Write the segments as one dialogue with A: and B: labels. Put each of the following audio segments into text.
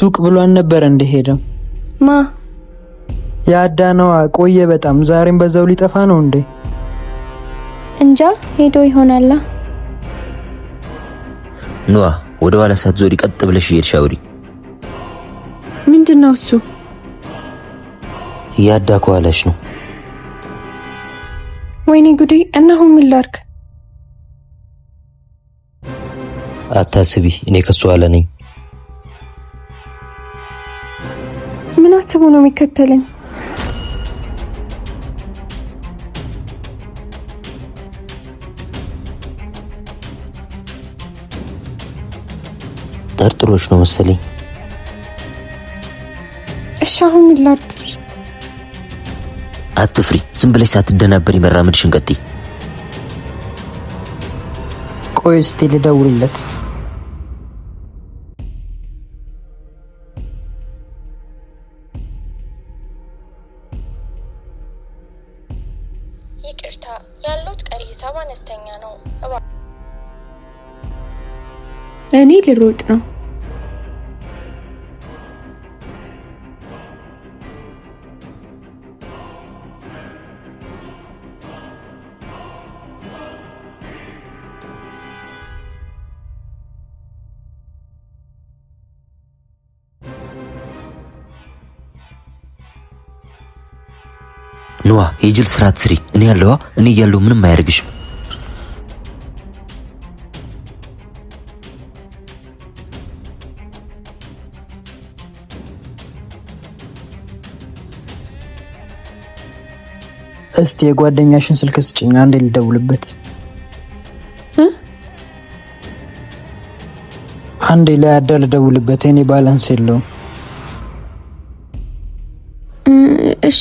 A: ሱቅ ብሏን ነበር እንደሄደው ማ ያዳነዋ ቆየ በጣም ዛሬም በዛው ሊጠፋ ነው እንዴ?
B: እንጃ ሄዶ ይሆናላ።
C: ኑዋ ወደ ኋላ ሳትዞሪ ቀጥ ብለሽ እየሄድሽ አውሪ። ምንድነው እሱ? ያዳ ከኋላሽ ነው።
B: ወይኔ ጉዴ! እና አሁን ምን ላድርግ?
C: አታስቢ፣ እኔ ከሱ ኋላ ነኝ።
B: ምን አስቦ ነው የሚከተለኝ?
C: ጠርጥሮች ነው መሰለኝ።
B: እሺ አሁን ምን ላድርግ?
C: አትፍሪ። ዝም ብለሽ ሳትደናበሪ መራመድሽን ቀጥይ። ቆይ እስቲ ልደውልለት።
D: ይቅርታ፣ ያለውት ቀሪ ሂሳብ አነስተኛ ነው።
B: እኔ ልሮጥ ነው።
C: ዋ የጅል ስራ ትስሪ። እኔ ያለዋ እኔ እያለሁ ምንም አያደርግሽም።
A: እስቲ የጓደኛሽን ስልክ ስጭኝ አንዴ ልደውልበት። አንዴ ላይ አዳ ልደውልበት። እኔ ባላንስ የለውም። እሺ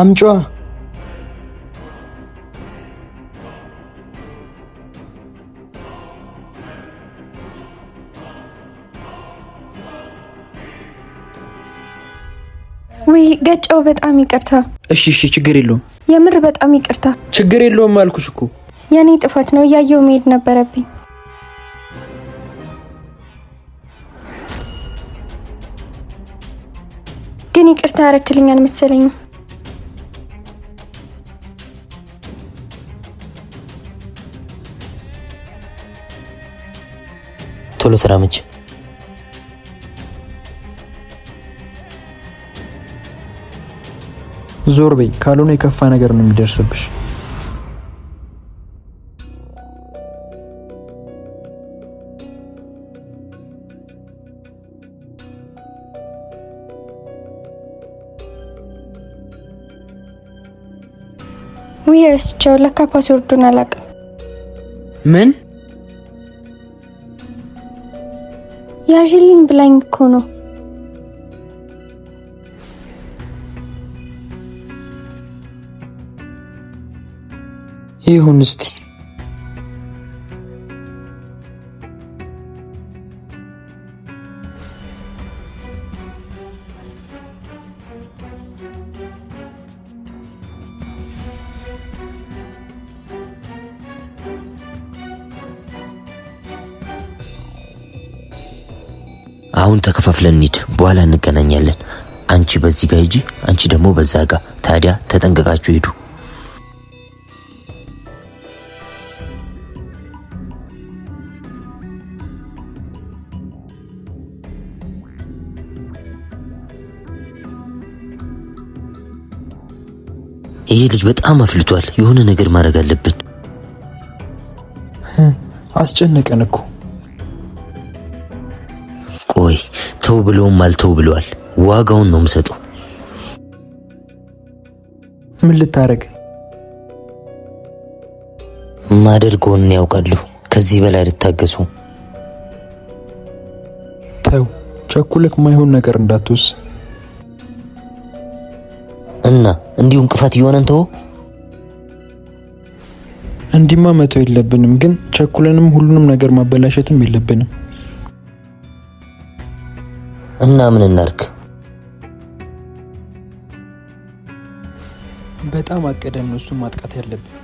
A: አምጪዋ
B: ውይ ገጨው። በጣም ይቅርታ።
C: እሺ እሺ፣ ችግር የለውም።
B: የምር በጣም ይቅርታ።
C: ችግር የለውም አልኩሽ እኮ።
B: የኔ ጥፋት ነው። እያየው መሄድ ነበረብኝ። ግን ይቅርታ ያረክልኛል መሰለኝ።
C: ቶሎ ተራመጅ።
A: ዞር በይ፣ ካልሆነ የከፋ ነገር ነው የሚደርስብሽ።
B: ውይ ረስቸው ለካ ፓስወርዱን አላውቅም። ምን ያዥልኝ ብላኝ እኮ ነው።
A: ይሁን እስቲ
C: አሁን ተከፋፍለን እንሂድ፣ በኋላ እንገናኛለን። አንቺ በዚህ ጋር ሂጂ፣ አንቺ ደግሞ በዛ ጋር። ታዲያ ተጠንቀቃችሁ ሂዱ። ይሄ ልጅ በጣም አፍልቷል። የሆነ ነገር ማድረግ አለብን።
A: አስጨነቀን እኮ
C: ተው ብሎም አልተው ብሏል። ዋጋውን ነው የምሰጠው። ምን ልታረግ? ማደርገውን ያውቃሉ። ከዚህ በላይ ልታገሱ።
A: ተው ቸኩለክ፣ ማይሆን ነገር እንዳትወስ
C: እና እንዲሁ እንቅፋት እየሆነን ተው።
A: እንዲማ መተው የለብንም ግን ቸኩለንም ሁሉንም ነገር ማበላሸትም የለብንም።
C: እና ምን እናርክ?
A: በጣም አቀደን ነው እሱን ማጥቃት ያለብን።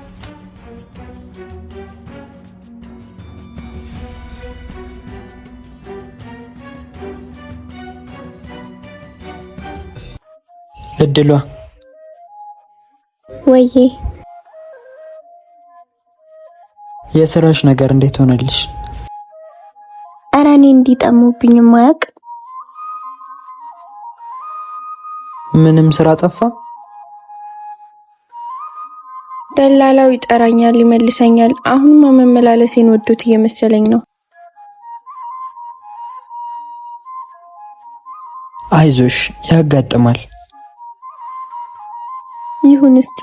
A: እድሏ ወይዬ የስራሽ ነገር እንዴት ሆነልሽ?
B: ኧረ እኔ እንዲህ ጠሙብኝም
A: ምንም ስራ ጠፋ?
B: ደላላው ይጠራኛል፣ ይመልሰኛል። አሁንማ መመላለሴን ወዶት እየመሰለኝ ነው።
A: አይዞሽ፣ ያጋጥማል።
B: ይሁን እስቲ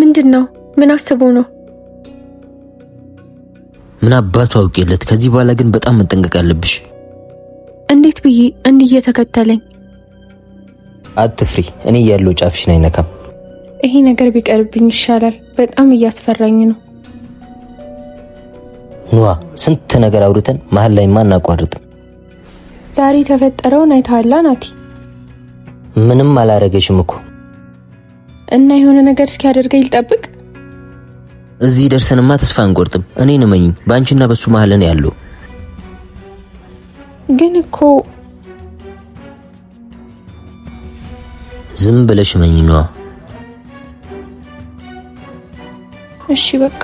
B: ምንድን ነው? ምን አስቦ ነው?
C: ምን አባቱ አውቄለት። ከዚህ በኋላ ግን በጣም መጠንቀቅ አለብሽ።
B: እንዴት ብዬ እንዲህ እየተከተለኝ?
C: አትፍሪ፣ እኔ ያለው ጫፍሽን አይነካም።
B: ይሄ ነገር ቢቀርብኝ ይሻላል። በጣም እያስፈራኝ ነው።
C: ኗ ስንት ነገር አውርተን መሀል ላይ ማን አቋርጥም።
B: ዛሬ የተፈጠረውን አይተሃል ናቲ?
C: ምንም አላረገሽም እኮ
B: እና የሆነ ነገር እስኪያደርገኝ ልጠብቅ
C: እዚህ ደርሰንማ ተስፋ አንቆርጥም። እኔ ነመኝ በአንቺና በሱ መሀል ነው ያለው። ግን እኮ ዝም ብለሽ መኝ ነዋ።
B: እሺ በቃ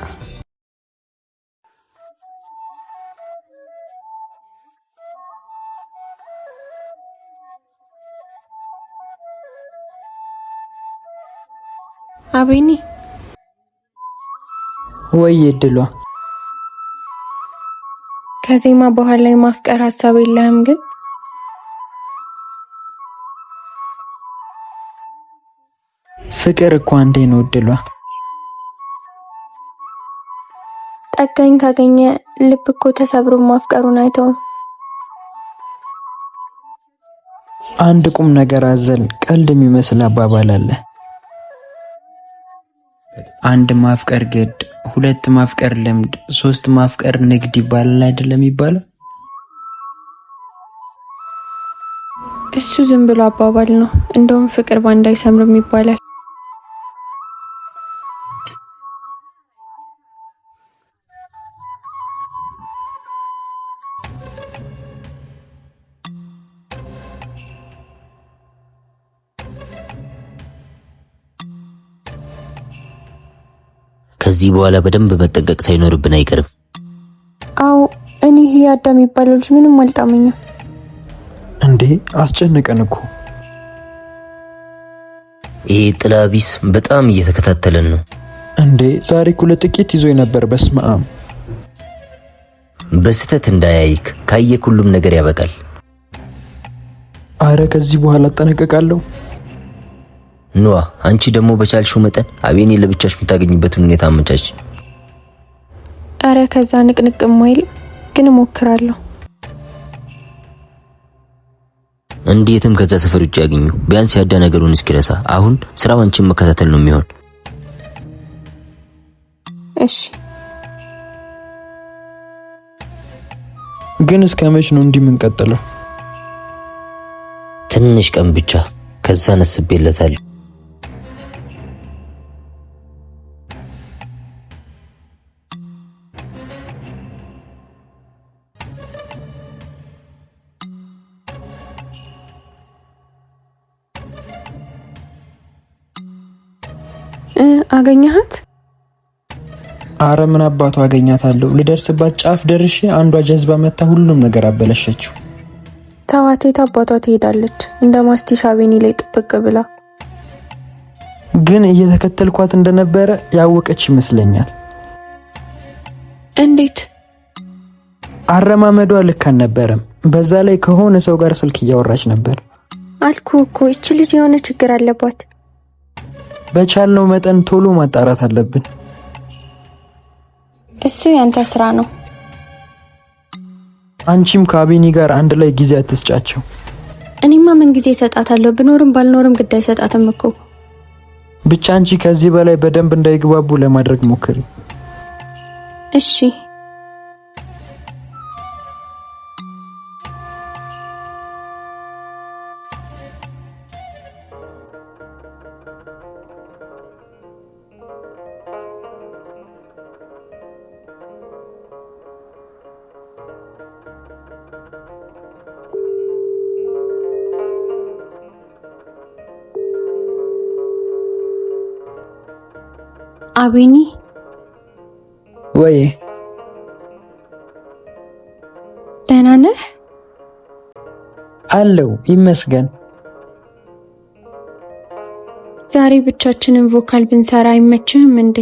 B: አቤኔ ወይ እድሏ። ከዜማ በኋላ የማፍቀር ሀሳብ የለህም ግን?
A: ፍቅር እኮ አንዴ ነው እድሏ።
B: ጠጋኝ ካገኘ ልብ እኮ ተሰብሮ ማፍቀሩን አይተውም።
A: አንድ ቁም ነገር አዘል ቀልድ የሚመስል አባባል አለ። አንድ ማፍቀር ግድ፣ ሁለት ማፍቀር ልምድ፣ ሶስት ማፍቀር ንግድ ይባላል አይደለም የሚባለው?
B: እሱ ዝም ብሎ አባባል ነው። እንደውም ፍቅር ባንድ አይሰምርም ይባላል።
C: ከዚህ በኋላ በደንብ መጠንቀቅ ሳይኖርብን አይቀርም።
B: አዎ እኔ ይሄ አዳም የሚባለው ልጅ ምንም አልጣመኝም።
A: እንዴ አስጨነቀን እኮ
C: ይሄ ጥላቢስ በጣም እየተከታተለን ነው።
A: እንዴ ዛሬ እኮ ለጥቂት ይዞ የነበር በስማም።
C: በስተት እንዳያይክ ካየክ ሁሉም ነገር ያበቃል።
A: አረ ከዚህ በኋላ እጠነቀቃለሁ።
C: ኖዋ አንቺ ደግሞ በቻልሽው መጠን አቤኔ ለብቻሽ የምታገኝበትን ሁኔታ አመቻች።
B: አረ ከዛ ንቅንቅ ማይል ግን እሞክራለሁ።
C: እንዴትም ከዛ ሰፈር ውጭ ያገኙ ቢያንስ ያዳ ነገሩን እስኪረሳ። አሁን ስራው አንቺን መከታተል ነው የሚሆን።
B: እሺ
A: ግን እስከ መች ነው እንዲህ የምንቀጥለው?
C: ትንሽ ቀን ብቻ ከዛ ነስቤለታለሁ።
B: አገኘሃት?
A: አረ ምን አባቱ አገኛታለሁ። ልደርስባት ጫፍ ደርሼ አንዷ ጀዝባ መታ ሁሉም ነገር አበለሸችው።
B: ተዋቴት አባቷ ትሄዳለች እንደ ማስቲሻ ቤኒ ላይ ጥብቅ ብላ።
A: ግን እየተከተልኳት እንደነበረ ያወቀች ይመስለኛል። እንዴት? አረማመዷ ልክ አልነበረም። በዛ ላይ ከሆነ ሰው ጋር ስልክ እያወራች ነበር።
B: አልኩ እኮ ይቺ ልጅ የሆነ ችግር አለባት።
A: በቻልነው መጠን ቶሎ ማጣራት አለብን።
B: እሱ ያንተ ስራ ነው።
A: አንቺም ከአቤኒ ጋር አንድ ላይ ጊዜ አትስጫቸው።
B: እኔማ ምን ጊዜ እሰጣታለሁ? ብኖርም ባልኖርም ግድ አይሰጣትም እኮ።
A: ብቻ አንቺ ከዚህ በላይ በደንብ እንዳይግባቡ ለማድረግ ሞክሪ
B: እሺ? አቤኒ ወይ ደህና ነህ?
A: አለው ይመስገን።
B: ዛሬ ብቻችንን ቮካል ብንሰራ አይመችህም እንዴ?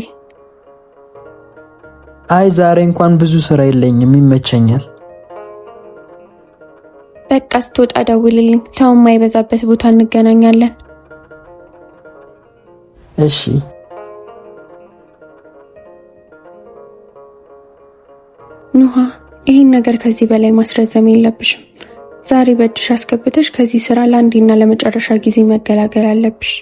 A: አይ ዛሬ እንኳን ብዙ ስራ የለኝም ይመቸኛል።
B: በቃ ስትወጣ ደውልልኝ፣ ሰው የማይበዛበት ቦታ እንገናኛለን። እሺ ኑሃ ይህን ነገር ከዚህ በላይ ማስረዘም የለብሽም። ዛሬ በእጅሽ አስገብተሽ ከዚህ ስራ ለአንዴና ለመጨረሻ ጊዜ መገላገል አለብሽ።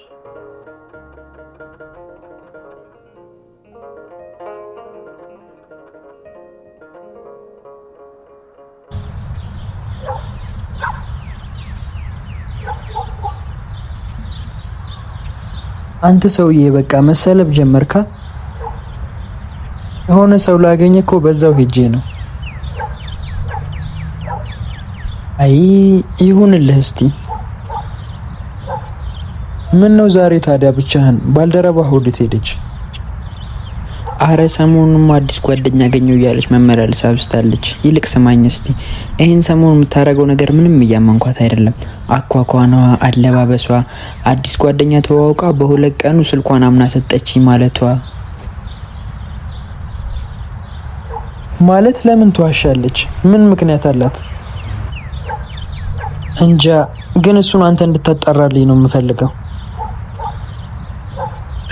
A: አንተ ሰውዬ በቃ መሰለብ ጀመርካ። የሆነ ሰው ላገኝ እኮ በዛው ሄጄ ነው። አይ ይሁንልህ እስቲ። ምን ነው ዛሬ ታዲያ ብቻህን? ባልደረባ ወዴት ሄደች?
C: አረ ሰሞኑን አዲስ ጓደኛ አገኘው እያለች መመላለስ አብስታለች። ይልቅ ስማኝ እስቲ ይህን ሰሞኑን የምታደርገው ነገር ምንም እያመንኳት አይደለም። አኳኳኗ፣ አለባበሷ፣ አዲስ ጓደኛ ተዋውቃ በሁለት ቀኑ ስልኳን አምና ሰጠች ማለቷ
A: ማለት ለምን ትዋሻለች? ምን ምክንያት አላት? እንጃ። ግን እሱን አንተ እንድታጣራልኝ ነው የምፈልገው።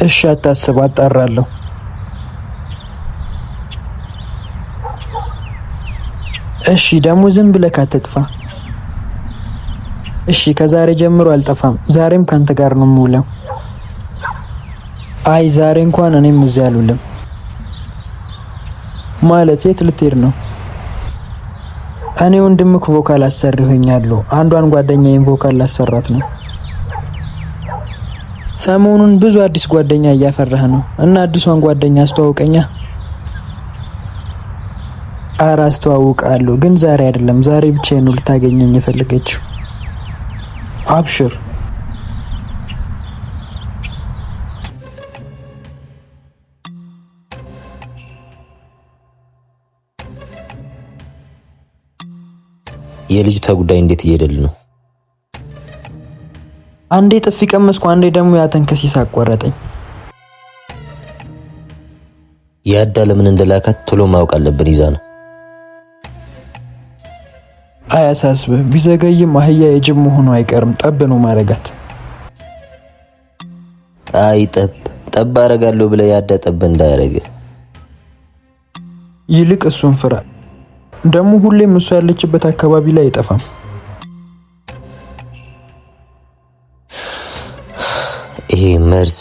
A: እሺ፣ አታስብ፣ አጣራለሁ። እሺ፣ ደግሞ ዝም ብለህ ካትጥፋ። እሺ፣ ከዛሬ ጀምሮ አልጠፋም። ዛሬም ካንተ ጋር ነው የምውለው። አይ ዛሬ እንኳን እኔም እዚህ አልውልም። ማለት የት ልትሄድ ነው? እኔ ወንድምክ ቮካል አሰሪ ሆኛለሁ። አንዷን ጓደኛዬን ቮካል ላሰራት ነው። ሰሞኑን ብዙ አዲስ ጓደኛ እያፈራህ ነው እና አዲሷን ጓደኛ አስተዋውቀኛ። ኧረ አስተዋውቃለሁ፣ ግን ዛሬ አይደለም። ዛሬ ብቻዬን ነው ልታገኘኝ የፈለገችው። አብሽር
C: የልጅቷ ጉዳይ እንዴት እየደል ነው?
A: አንዴ ጥፊ ቀመስኩ፣ አንዴ ደግሞ ያተንከሲስ አቋረጠኝ።
C: ያዳ ለምን እንደላካት ቶሎ ማወቅ አለብን። ይዛ ነው።
A: አያሳስብ፣ ቢዘገይም አህያ የጅብ መሆኑ አይቀርም። ጠብ ነው ማረጋት።
C: አይ ጠብ ጠብ አረጋለሁ ብለ ያዳ ጠብ እንዳያረገ
A: ይልቅ እሱን ፍራ። ደግሞ ሁሌም እሷ ያለችበት አካባቢ ላይ አይጠፋም።
C: ይሄ መርዝ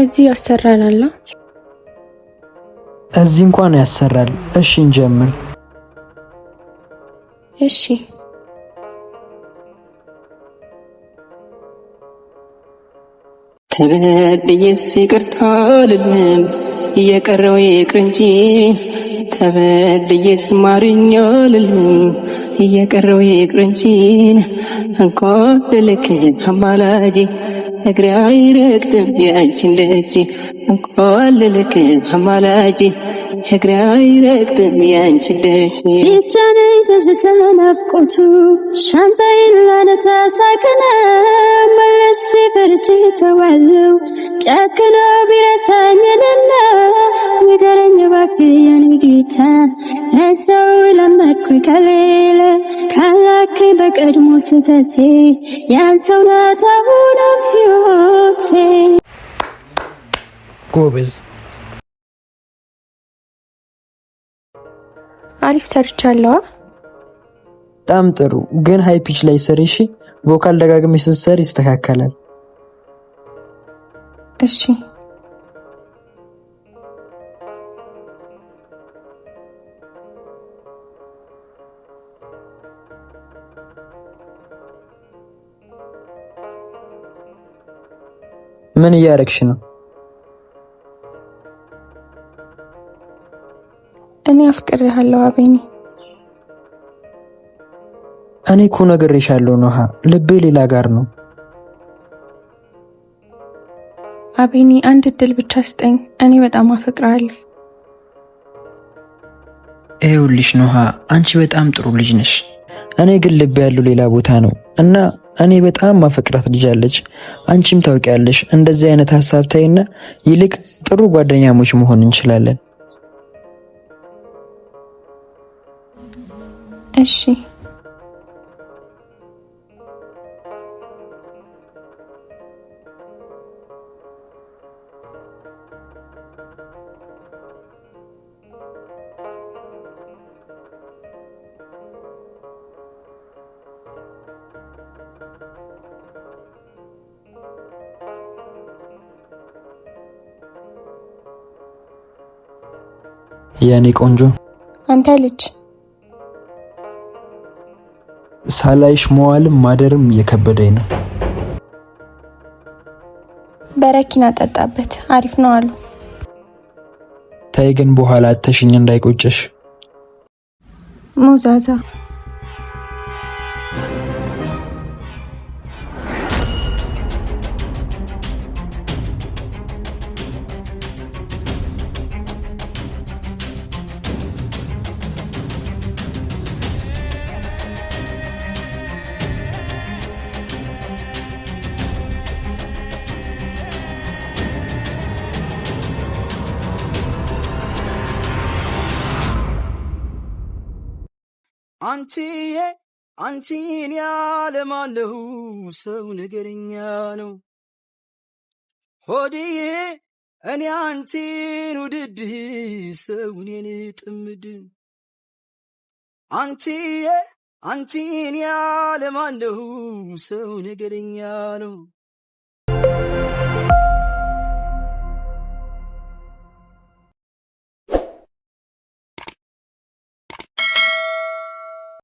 B: እዚህ ያሰራል አለ።
A: እዚህ እንኳን ያሰራል። እሺ እንጀምር።
B: እሺ
E: ተበድዬስ ይቅርታ አልልም እየቀረው ይቅር እንጂ ተበድዬስ ማርኛ አልልም እየቀረው ይቅር እንጂ እንኳን ልልክ አማላጄ እግሬ አይረግጥም የአንቺን ደጅ አማላጅ እግሬ አይረግጥም የአንቺን ደጅ ትዝታ ናፍቆቱ ሻንጣዬን ላነሳ መለስ ሲፈርጅ ተዋለው ጨክኖ ቢረሳኝንና ንገረኝ እባክህ የኔ ጌታ ለሰው ለመድኩ ከሌለ በቀድሞ ስህተቴ
A: ጎበዝ
B: አሪፍ ሰርቻለዋ።
A: በጣም ጥሩ። ግን ሀይ ፒች ላይ ስሪ እሺ። ቮካል ደጋግመሽ ስትሰሪ ይስተካከላል። እሺ ምን እያደረግሽ ነው?
B: እኔ አፍቅሬሃለሁ አቤኔ።
A: እኔ እኮ ነግሬሻለሁ ነሃ፣ ልቤ ሌላ ጋር ነው።
B: አቤኔ አንድ እድል ብቻ ስጠኝ፣ እኔ በጣም አፈቅራለሁ።
C: ይኸውልሽ ነሃ፣ አንቺ በጣም ጥሩ ልጅ ነሽ።
A: እኔ ግን ልቤ ያለው ሌላ ቦታ ነው እና እኔ በጣም ማፈቅራት ልጅ አለች፣ አንቺም ታውቂያለሽ። እንደዚህ አይነት ሀሳብ ታይና ይልቅ ጥሩ ጓደኛሞች መሆን እንችላለን።
B: እሺ የኔ ቆንጆ አንተ ልጅ
A: ሳላይሽ መዋልም ማደርም የከበደኝ ነው።
B: በረኪና ጠጣበት አሪፍ ነው አሉ።
A: ተይ ግን በኋላ አተሽኝ እንዳይቆጨሽ
B: ሙዛዛ አንቺዬ አንቺን ያለማለሁ ሰው ነገረኛ ነው ሆድዬ እኔ አንቺን ውድድህ ሰው እኔን ጥምድ አንቺዬ አንቺን ያለማለሁ ሰው ነገረኛ ነው